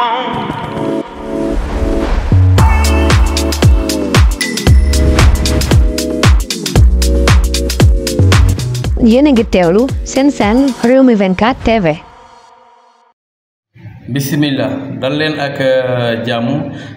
yéen a ngi teewlu seen seen mi TV. bismillah dal ak uh, jàmm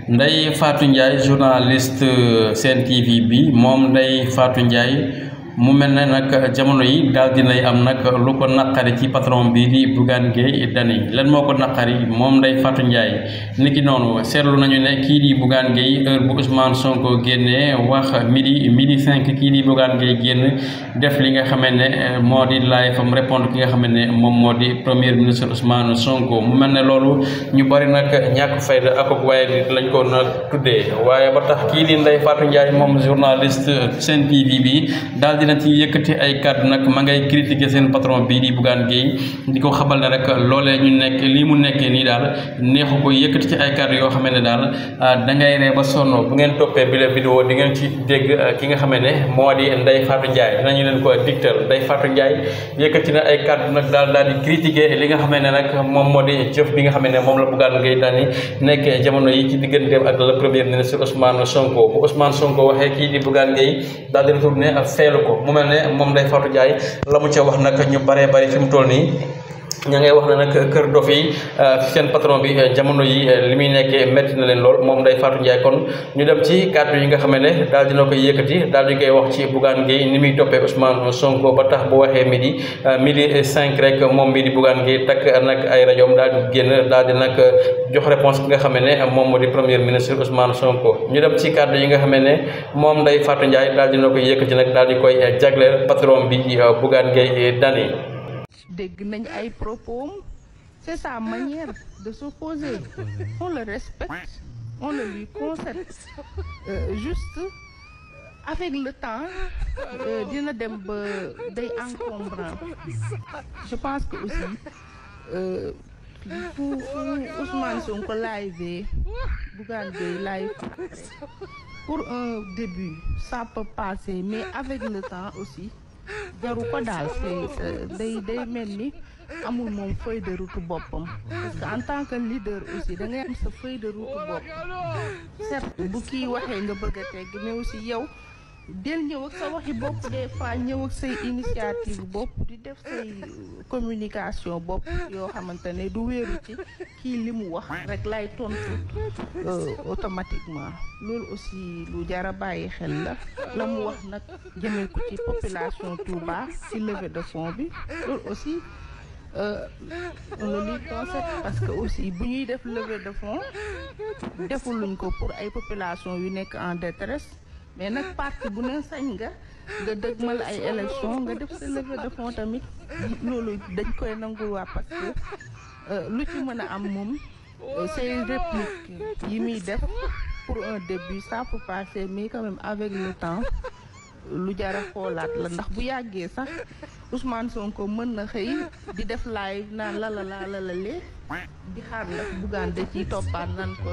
nday fatou ndiaye journaliste seen tv bi nday fatou ndiaye mu mel ne nag jamono yi daal dinay am nag lu ko naqari ci patron bi di Bougane Gueye Dany lan moo ko naqari moom Ndeye Fatou Ndiaye niki noonu seetlu nañu ne kii di Bougane Gueye heure bu Ousmane Sonko génnee wax midi midi cinq kii di Bougane Gueye génn def li nga xamante ne eh, moo di laay fam mu ki nga xamante ne moom moo di premier ministre Ousmane Sonko mu mel ne loolu ñu bari nag ñàkk fayda ak waaye lañ ko nag tuddee waaye ba tax kii di Ndeye Fatou dina ci yëkkati ay kàddu nag ma ngay critiquer seen patron bii di Bougane Gueye di mu nekkee nii daal neexu ko yëkkati ci ay kàddu yoo xam ne daal ah, da ngay ree ba sonn bu ngeen toppee bi la vidéo di ngeen ci dégg ah, ki nga xam ne moo di Ndeye Fatou Ndiaye dinañu leen ko dictal Ndeye Fatou Ndiaye yëkkati na ay kàddu nag daal daal di critiquer li nga xam ne nag moom moo di jëf bi nga xam ne moom la Bougane Gueye Dany nekkee jamono yi ci digganteem ak le premier ministre Ousmane Sonko bu Ousmane Sonko waxee kii di Bougane Gueye daal di retourné ak ah, feelu ko mu mel ne moom day Fatou Ndiaye la mu ca wax nag ñu baree bari fi mu toll nii. ña ngay wax ne nag kër dof yi euh, seen patron bi euh, jamono yi euh, li muy nekkee métti na leen lool moom Ndeye Fatou Ndiaye kon ñu dem ci kàddu yi nga xam ne daal dina koy yëkkati daal di koy wax ci Bougane Gueye ni muy toppee Ousmane Sonko ba tax bu waxee midi midi cinq rek moom mii di Bougane Gueye takk nag ay rajoom daal di génn daal di nag jox réponse ki nga xam ne moom moo di premier ministre Ousmane Sonko ñu dem ci kàddu yi nga xam ne moom Ndeye Fatou Ndiaye daal dina koy yëkkati nag daal di koy jagleel patron bi Bougane Gueye Dany ay c'est sa manière de s'opposer on le respecte on le lui concerne euh, juste euh, avec le temps euh, dina dem ba day je pense que aussi Ousmane Sonko pour un début ça peut passer mais avec le temps aussi jaru ko daal c'est euh, day day mel ni amul moom feuille boppam parce que en tant que leader aussi da ngay am sa feuille de bopp certes bu kii waxee nga bëgg a tegg mais si yow del ñëw ak sa waxi bopp des fois ñëw ak say initiative bopp di def say communication bopp yoo xamante ne du wéeru ci kii li mu wax rek lay tontu euh, automatiquement loolu aussi lu jara bàyyi xel la la mu wax nag jëmee ko ci population Touba ci leve de fonds bi loolu aussi euh, on le parce que aussi bu ñuy def levée de fonds defuluñ ko pour ay population yu nekk en détresse mais nag parti bu ne sañ nga nga dëgmal ay élection nga def se levée de fonds tamit loolu dañ koy nangu waa parce que euh, lu ci mën a am moom euh, say réplique yi muy def pour un début ça peut passer mais quand même avec le temps lu jara xoolaat la ndax bu yàggee sax Ousmane Sonko mën na xëy di def lay naan la la la la lee di xaar ndax Bougane da ciy toppaat naan ko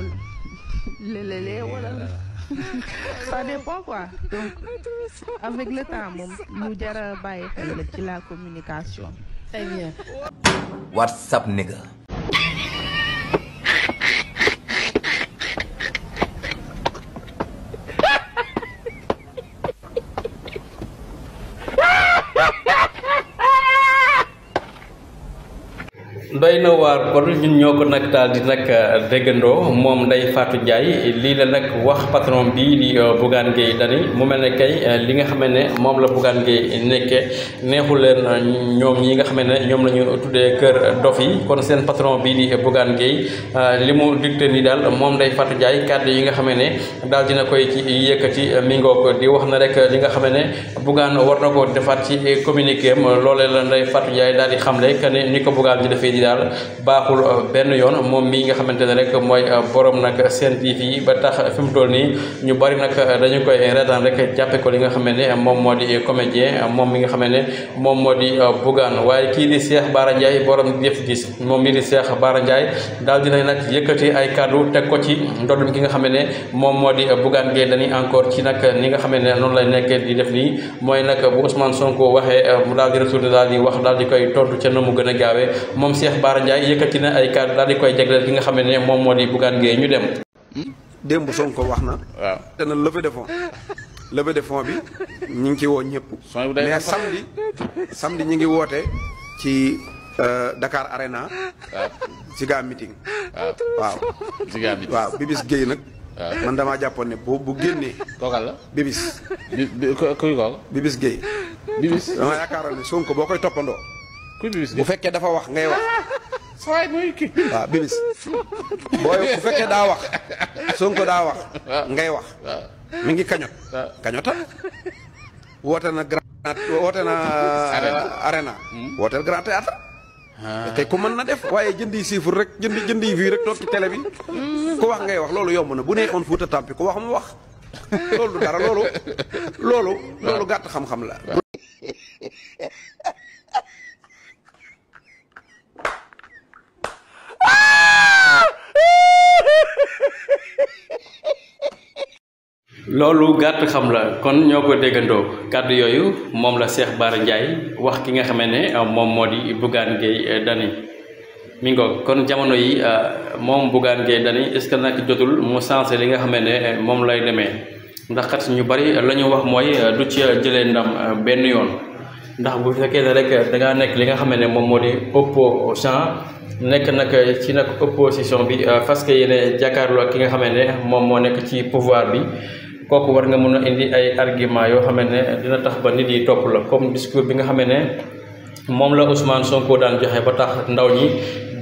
lelele wala. ça dépend quoi donc avec le temps moom lu jar a bàyyi la ci la communication. très bien. WhatsApp nigga. doy na waar kon ñun ñoo ko nag daal di nag euh, déggandoo moom Ndeye Fatou Ndiaye lii la nag wax patron bii di euh, Bougane Gueye Dany mu mel ne kay euh, li nga xam ne moom la Bougane Gueye nekkee neexu leen ñoom ñi nga xam ne ñoom la ñu tuddee kër dof yi kon seen patron bii di Bougane Gueye li mu digte ni daal moom Ndeye Fatou Ndiaye kàddu yi nga xam ne daal dina koy ci yëkkati mingook di wax na rek li nga xam ne Bougane war na ko defaat ci communiqué am loolee la Ndeye Fatou Ndiaye daal di xamle que ni ko Bougane di defee daal baaxul euh, benn yoon moom mii nga xamante ne rek mooy euh, borom nag seen TV ba tax fi mu toll nii ñu bari nag euh, dañu koy reetaan rek jàppe ko li nga xam ne moom moo di comédien moom mi nga xam ne moom moo di Bougane waaye kii di Cheikh Bara Ndiaye borom def gis moom mii di Cheikh Bara Ndiaye daal dinañ nag yëkkati ay kàddu teg ko ci ndoddum ki nga xam ne moom moo di Bougane Gueye Dany encore ci nag ni nga xam ne noonu lay nekkee di def nii mooy nag bu Ousmane Sonko waxee mu daal di retourné daal di wax daal di koy tontu ca na mu gën a gaawee moom Cheikh Bara Ndiaye yëkkati na ay kàddu daal di koy jagleel ki nga xam ne moom di Bougane ñu dem. démb Sonko wax na. waaw de fonds levée de fonds bi ñu ngi ciy woo ñëpp. mais samedi samedi ngi ci euh, Dakar Arena. Ziga meeting. waaw Ziga meeting waaw Bibis Gueye nag. man bu bu génnee. la Bibis. kuy Bibis Gueye. Bibis dama yaakaaroon ne Sonko boo koy kuy bibis bu fekkee dafa wax ngay wax sawaay mooy kii waaw bibis booy bu fekkee daa wax sonko daa wax ngay wax mi ngi kañot kañotal woote na grand woote na arena uh, hmm. wootel grand théâtre kay ah. ku mën na def waaye jëndi siifur rek jëndi jëndi vue rek toog ci télé bi ku wax ngay wax loolu yomb na bu neexoon fuuta tampi ku wax mu wax loolu dara loolu loolu loolu gàtt xam-xam la loolu gàtt xam la kon ñoo ko déggandoo kàddu yooyu moom la Cheikh Bara Ndiaye wax ki nga xamee ne euh, moom moo di Bougane Gueye euh, Dany mi kon jamono yi euh, moom Bougane Gueye Dany est-ce que nag jotul mu li nga xamee ne moom lay demee ndax kat ñu bari la ñu wax mooy du ci jëlee ndam benn yoon ndax bu fekkee ne rek da ngaa nekk li nga xamee ne moom moo di opposant nekk nag ci nag opposition bi parce que yéen jàkkaarloo ki nga xamee ne moom moo nekk ci pouvoir bi kooku war nga mun indi ay argument yoo xam di dina tax ba nit yi topp la comme discours bi nga xam ne moom la Ousmane Sonko daan joxe ba tax ndaw ñi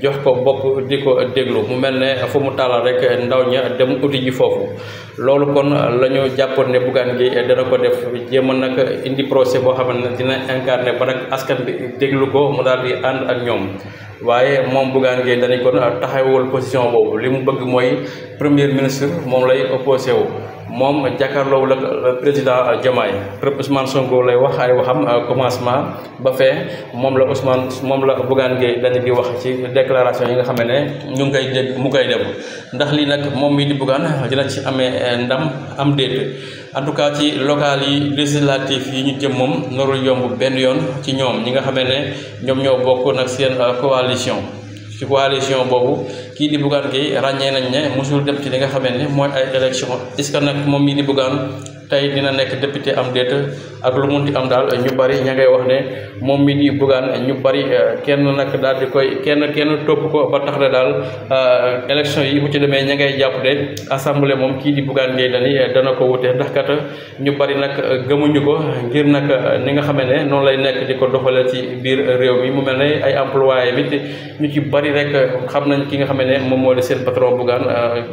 jox ko di ko mu mel eh, ne fu mu taalal rek ndaw ña dem uti ji foofu loolu kon lenyo ñu jàppoon ne Bougane gi eh, dana ko def jéem a nag indi procès boo xam ne dina incarné ba nag askan bi deglu ko mu daal di ànd ak ñoom. waaye moom Bougane Gueye danañ kon eh, taxawul position boobu li bëgg mooy premier ministre moom lay opposé wu moom jàkkaarloo la président Diomaye rëpp Ousmane Sonko lay wax ay waxam euh, commencement ba fee moom la Ousmane moom la Bougane Gueye Dany di wax ci déclaration yi nga xam ne ñu ngi koy dégg mu koy def ndax lii nag moom mii di Bougane dina ci amee euh, ndam am déet en tout cas ci local yi législatif yi ñu jëm moom norul yomb benn yoon ci ñoom ñi nga xam ne ñoom ñoo bokk nag seen euh, coalition ci coalition boobu kii di Bougane Gueye ràññee nañ ne mosul dem ci li nga xamante ne mooy ay élection est-ce que nag moom mii di Bougane tey dina nekk député am déet ak lu munti am daal ñu bari ña ngay wax ne moom mi di bugaan ñu bëri euh, kenn nag daal di koy kenn kenn topp ko ba tax na daal euh, élection yi bu ci demee ña ngay jàpp de assemblée moom kii di buggaan ngay dani euh, dana ko wute ndax kat ñu bari nag gëmuñu ko ngir nag ni nga xamee ne noonu lay nekk di ko doxalee ci biir réew mi mu mel ne ay employé bi ñu ci bari rek xam nañ ki nga xamee ne moom moo di seen patron bugaan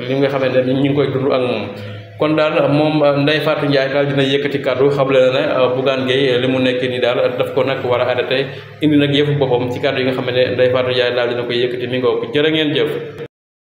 li nga xamee ne ñu ngi koy dund ak kon daal moom euh, Ndeye Fatou Ndiaye daal dina yëkkati kàddu xable na ne euh, Bougane Gueye li mu nekk nii daal daf ko nag war a arrêté indi nag yëfu boppam si kàddu yi nga xam ne Ndeye Fatou Ndiaye daal dina koy yëkkati mi ngoog jërë ngeen jëf.